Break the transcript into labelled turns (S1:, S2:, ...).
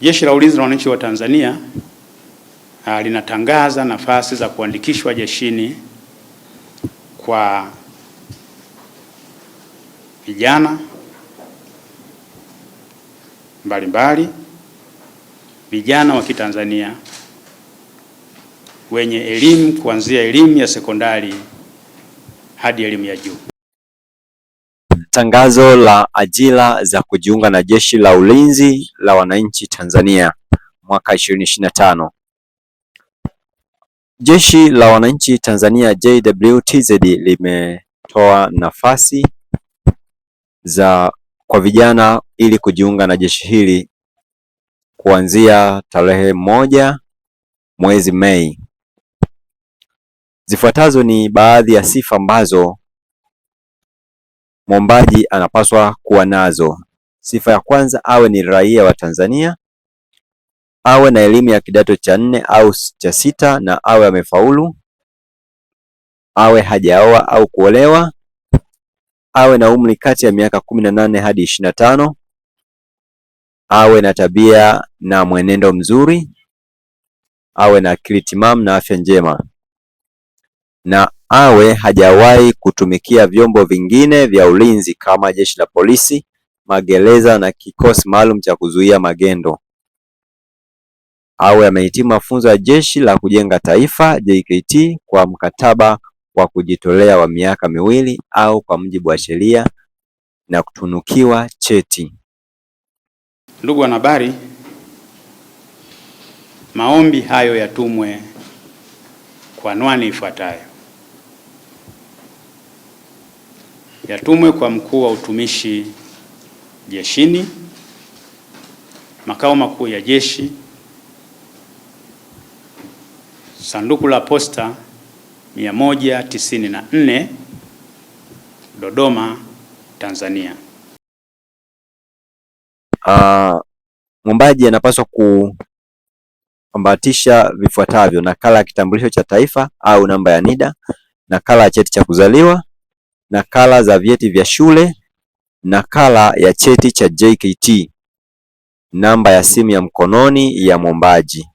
S1: Jeshi la Ulinzi la Wananchi wa Tanzania ah, linatangaza nafasi za kuandikishwa jeshini kwa vijana mbalimbali, vijana wa Kitanzania wenye elimu kuanzia elimu ya sekondari hadi elimu ya juu.
S2: Tangazo la ajira za kujiunga na Jeshi la Ulinzi la Wananchi Tanzania mwaka 2025. Jeshi la Wananchi Tanzania JWTZ limetoa nafasi za kwa vijana ili kujiunga na jeshi hili kuanzia tarehe moja mwezi Mei. Zifuatazo ni baadhi ya sifa ambazo mwombaji anapaswa kuwa nazo. Sifa ya kwanza, awe ni raia wa Tanzania, awe na elimu ya kidato cha nne au cha sita na awe amefaulu, awe hajaoa au kuolewa, awe na umri kati ya miaka kumi na nane hadi ishirini na tano, awe na tabia na mwenendo mzuri, awe na akili timamu na afya njema na awe hajawahi kutumikia vyombo vingine vya ulinzi kama jeshi la polisi, magereza na kikosi maalum cha kuzuia magendo. Awe amehitimu mafunzo ya jeshi la kujenga taifa JKT kwa mkataba wa kujitolea wa miaka miwili au kwa mujibu wa sheria na kutunukiwa cheti.
S1: Ndugu wanahabari, maombi hayo yatumwe kwa anwani ifuatayo: yatumwe kwa mkuu wa utumishi jeshini, makao makuu ya jeshi, sanduku la posta 194 Dodoma, Tanzania.
S2: Uh, mwombaji anapaswa kuambatisha vifuatavyo: nakala ya kitambulisho cha taifa au namba ya NIDA, nakala ya cheti cha kuzaliwa nakala za vyeti vya shule, nakala ya cheti cha JKT, namba ya simu ya mkononi ya mwombaji.